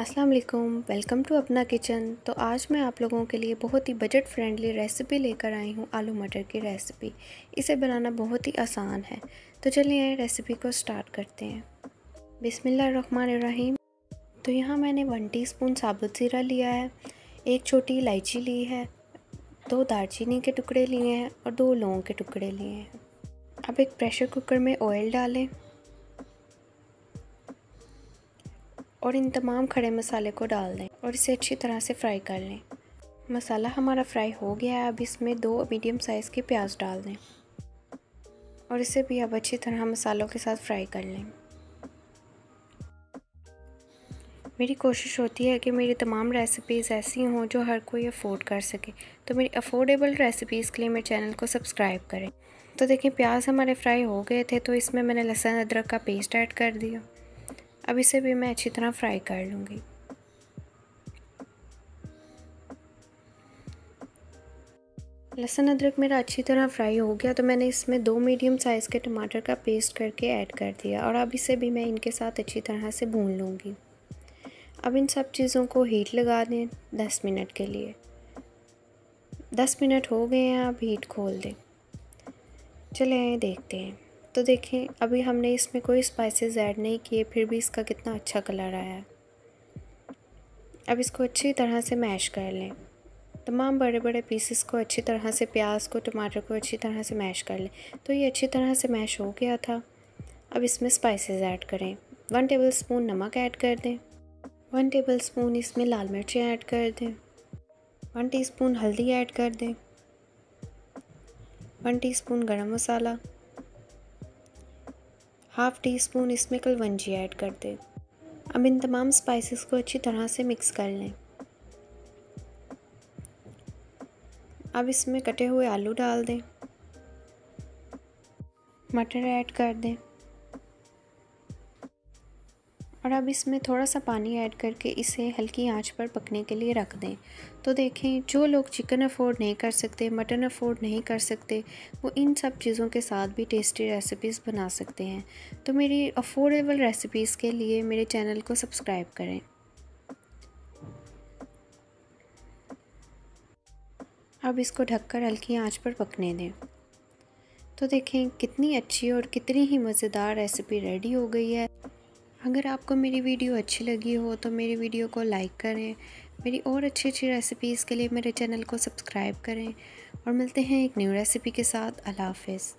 अस्सलाम वालेकुम welcome to अपना किचन तो आज मैं आप लोगों के लिए बहुत ही बजट फ्रेंडली रेसिपी लेकर आई हूँ आलू मटर की रेसिपी इसे बनाना बहुत ही आसान है तो चलिए रेसिपी को स्टार्ट करते हैं बिसमीम तो यहाँ मैंने वन टीस्पून साबुत ज़ीरा लिया है एक छोटी इलायची ली है दो दालचीनी के टुकड़े लिए हैं और दो लौंग के टुकड़े लिए हैं अब एक प्रेशर कुकर में ऑयल डालें और इन तमाम खड़े मसाले को डाल दें और इसे अच्छी तरह से फ्राई कर लें मसाला हमारा फ्राई हो गया है अब इसमें दो मीडियम साइज़ की प्याज डाल दें और इसे भी अब अच्छी तरह मसालों के साथ फ्राई कर लें मेरी कोशिश होती है कि मेरी तमाम रेसिपीज़ ऐसी हों जो हर कोई अफोर्ड कर सके तो मेरी अफोर्डेबल रेसिपीज़ के लिए मेरे चैनल को सब्सक्राइब करें तो देखें प्याज हमारे फ्राई हो गए थे तो इसमें मैंने लहसुन अदरक का पेस्ट ऐड कर दिया अब इसे भी मैं अच्छी तरह फ्राई कर लूँगी लहसुन अदरक मेरा अच्छी तरह फ्राई हो गया तो मैंने इसमें दो मीडियम साइज़ के टमाटर का पेस्ट करके ऐड कर दिया और अब इसे भी मैं इनके साथ अच्छी तरह से भून लूँगी अब इन सब चीज़ों को हीट लगा दें दस मिनट के लिए दस मिनट हो गए हैं अब हीट खोल दें चले देखते हैं तो देखें अभी हमने इसमें कोई स्पाइसेस ऐड नहीं किए फिर भी इसका कितना अच्छा कलर आया है अब इसको अच्छी तरह से मैश कर लें तमाम बड़े बड़े पीसेस को अच्छी तरह से प्याज को टमाटर को अच्छी तरह से मैश कर लें तो ये अच्छी तरह से मैश हो गया था अब इसमें स्पाइसेस ऐड करें वन टेबल स्पून नमक ऐड कर दें वन टेबल स्पून इसमें लाल मिर्ची ऐड कर दें वन स्पून हल्दी ऐड कर दें वन स्पून गर्म मसाला हाफ़ टी स्पून इसमें कल ऐड कर दें अब इन तमाम स्पाइसेस को अच्छी तरह से मिक्स कर लें अब इसमें कटे हुए आलू डाल दें मटर ऐड कर दें और अब इसमें थोड़ा सा पानी ऐड करके इसे हल्की आंच पर पकने के लिए रख दें तो देखें जो लोग चिकन अफोर्ड नहीं कर सकते मटन अफोर्ड नहीं कर सकते वो इन सब चीज़ों के साथ भी टेस्टी रेसिपीज़ बना सकते हैं तो मेरी अफोर्डेबल रेसिपीज़ के लिए मेरे चैनल को सब्सक्राइब करें अब इसको ढककर हल्की आंच पर पकने दें तो देखें कितनी अच्छी और कितनी ही मज़ेदार रेसिपी रेडी हो गई है अगर आपको मेरी वीडियो अच्छी लगी हो तो मेरी वीडियो को लाइक करें मेरी और अच्छी अच्छी रेसिपीज़ के लिए मेरे चैनल को सब्सक्राइब करें और मिलते हैं एक न्यू रेसिपी के साथ अल्लाह हाफिज़